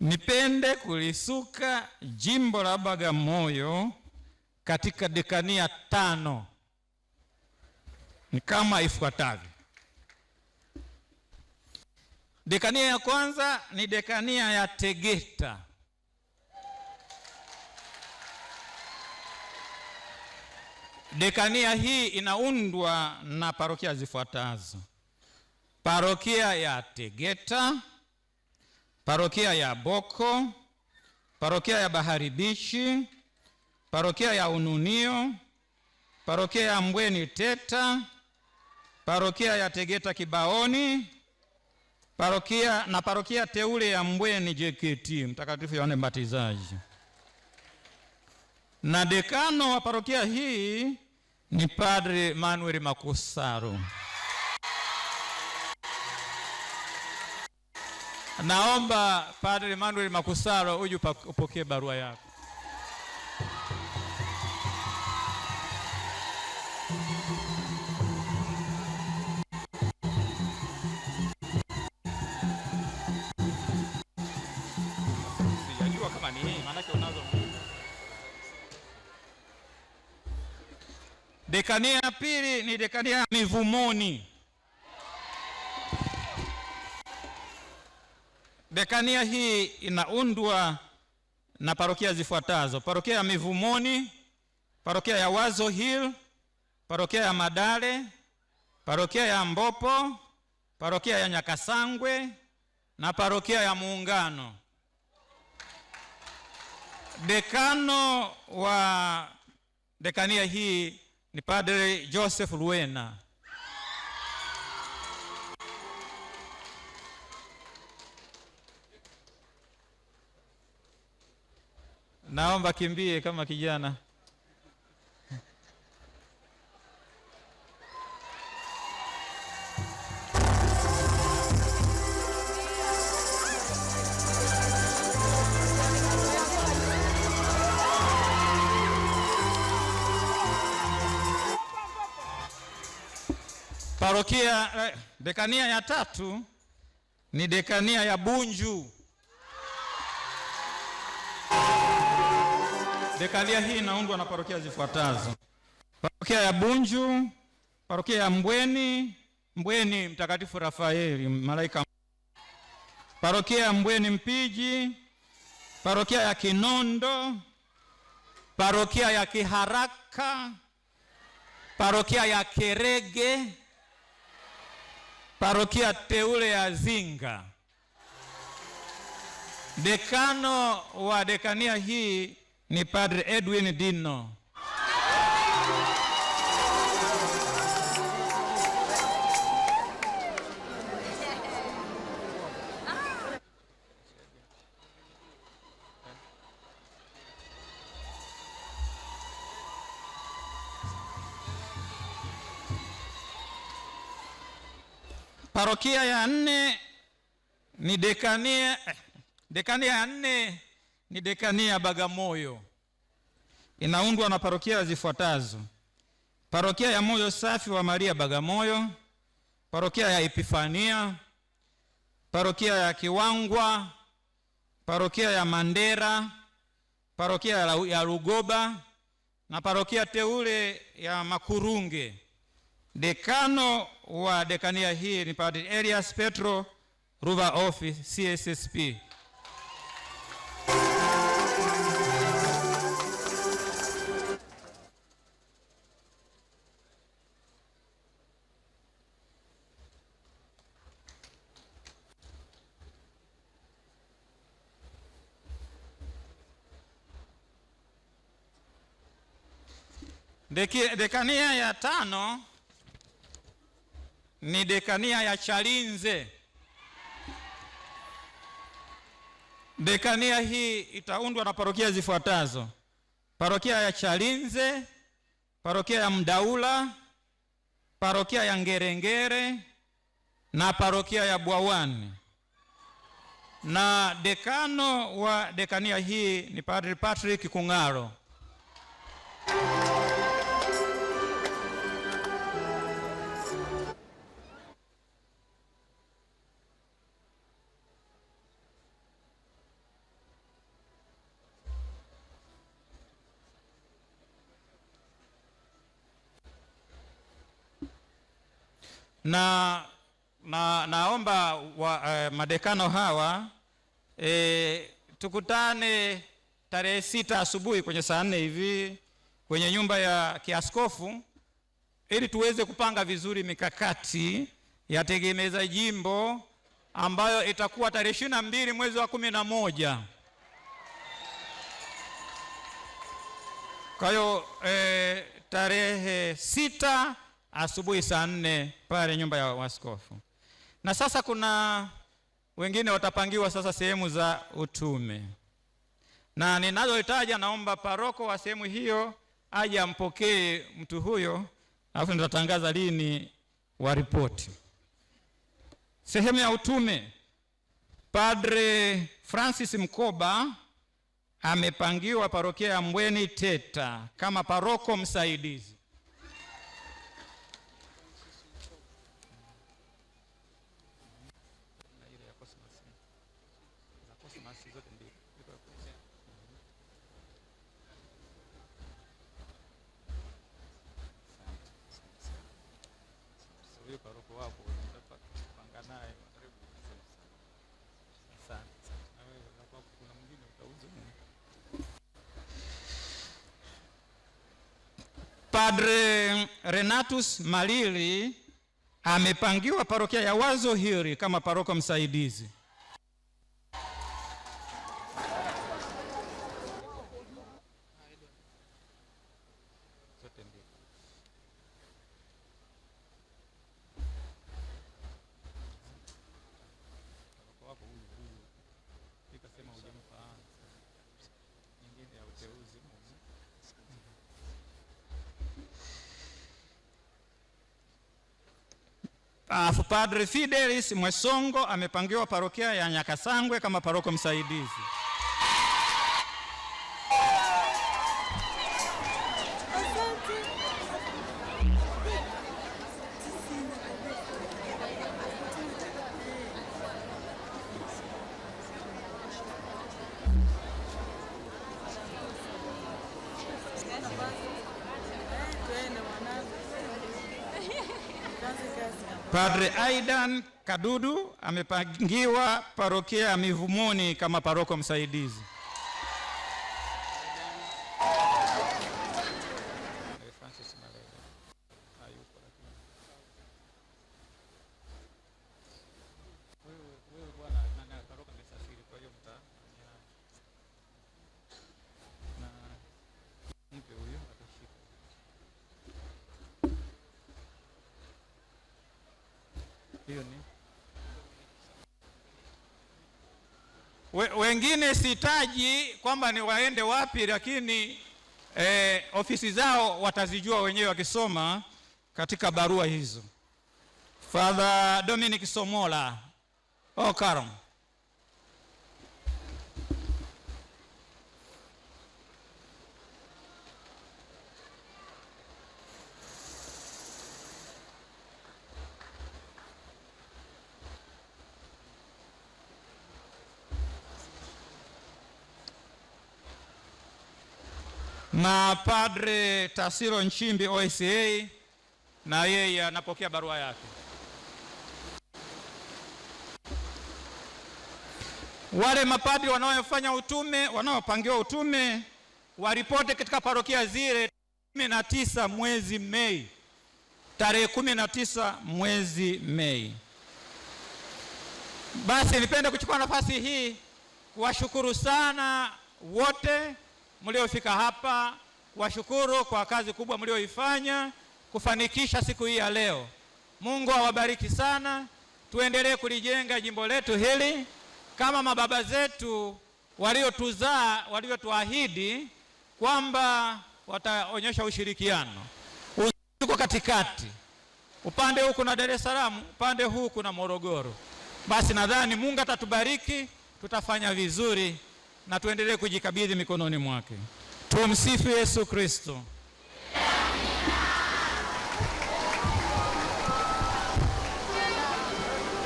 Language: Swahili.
nipende kulisuka jimbo la Bagamoyo katika dekania tano ni kama ifuatavyo. Dekania ya kwanza ni dekania ya Tegeta. Dekania hii inaundwa na parokia zifuatazo: parokia ya Tegeta parokia ya Boko, parokia ya Bahari Bichi, parokia ya Ununio, parokia ya Mbweni Teta, parokia ya Tegeta Kibaoni, parokia na parokia teule ya Mbweni JKT Mtakatifu Yohane Mbatizaji. Na dekano wa parokia hii ni Padre Manuel Makusaru. Naomba Padre Emmanuel Makusaro uje upokee barua yako. Dekania ya pili ni dekania ya mivumoni. dekania hii inaundwa na parokia zifuatazo: parokia ya Mivumoni, parokia ya Wazo Hill, parokia ya Madale, parokia ya Mbopo, parokia ya Nyakasangwe na parokia ya Muungano. Dekano wa dekania hii ni Padre Joseph Luena. naomba kimbie kama kijana Parokia eh, dekania ya tatu ni dekania ya Bunju. Dekalia hii inaundwa na parokia zifuatazo: parokia ya Bunju, parokia ya Mbweni, Mbweni Mtakatifu Rafaeli malaika, parokia ya Mbweni Mpiji, parokia ya Kinondo, parokia ya Kiharaka, parokia ya Kerege, parokia teule ya Zinga. Dekano wa dekania hii ni Padre Edwin Dino. Parokia ya nne ni dekania, eh, dekania ya nne ni dekania Bagamoyo, inaundwa na parokia zifuatazo: parokia ya Moyo Safi wa Maria Bagamoyo, parokia ya Epifania, parokia ya Kiwangwa, parokia ya Mandera, parokia ya Rugoba na parokia teule ya Makurunge. Dekano wa dekania hii ni Padre Elias Petro Ruva office CSSP. Deki, dekania ya tano ni dekania ya Chalinze. Dekania hii itaundwa na parokia zifuatazo: parokia ya Chalinze, parokia ya Mdaula, parokia ya Ngerengere na parokia ya Bwawani. Na dekano wa dekania hii ni Padre Patrick Kung'aro. na, na naomba wa, uh, madekano hawa e, tukutane tarehe sita asubuhi kwenye saa nne hivi kwenye nyumba ya kiaskofu ili tuweze kupanga vizuri mikakati ya tegemeza jimbo ambayo itakuwa tarehe ishirini na mbili mwezi wa kumi na moja. Kwa hiyo e, tarehe sita asubuhi saa nne pale nyumba ya waskofu. Na sasa kuna wengine watapangiwa sasa sehemu za utume, na ninaloitaja, naomba paroko wa sehemu hiyo aje ampokee mtu huyo, alafu nitatangaza lini wa ripoti. Sehemu ya utume, Padre Francis Mkoba amepangiwa parokia ya Mbweni Teta kama paroko msaidizi. huyo paroko wako utapanga naye karibu. Asante Na wewe unakuwa kuna mwingine Padre Renatus Malili amepangiwa parokia ya Wazo Hiri kama paroko msaidizi. Afu ah, Padre Fidelis Mwesongo amepangiwa parokia ya Nyakasangwe kama paroko msaidizi. Padre Aidan Kadudu amepangiwa parokia ya Mivumoni kama paroko msaidizi. Hiyo ni we, wengine sitaji kwamba ni waende wapi, lakini eh, ofisi zao watazijua wenyewe wakisoma katika barua hizo. Father Dominic Somola Okaram oh, Mapadre Tasiro Nchimbi OSA na yeye anapokea barua yake. Wale mapadri wanaofanya utume wanaopangiwa utume waripote katika parokia zile kumi na tisa mwezi Mei, tarehe kumi na tisa mwezi Mei. Basi nipende kuchukua nafasi hii kuwashukuru sana wote mliofika hapa, kuwashukuru kwa kazi kubwa mlioifanya kufanikisha siku hii ya leo. Mungu awabariki sana, tuendelee kulijenga jimbo letu hili kama mababa zetu waliotuzaa walivyotuahidi kwamba wataonyesha ushirikiano. Uko katikati, upande huu kuna Dar es Salaam, upande huu kuna Morogoro. Basi nadhani Mungu atatubariki, tutafanya vizuri na tuendelee kujikabidhi mikononi mwake. Tumsifu Yesu Kristo.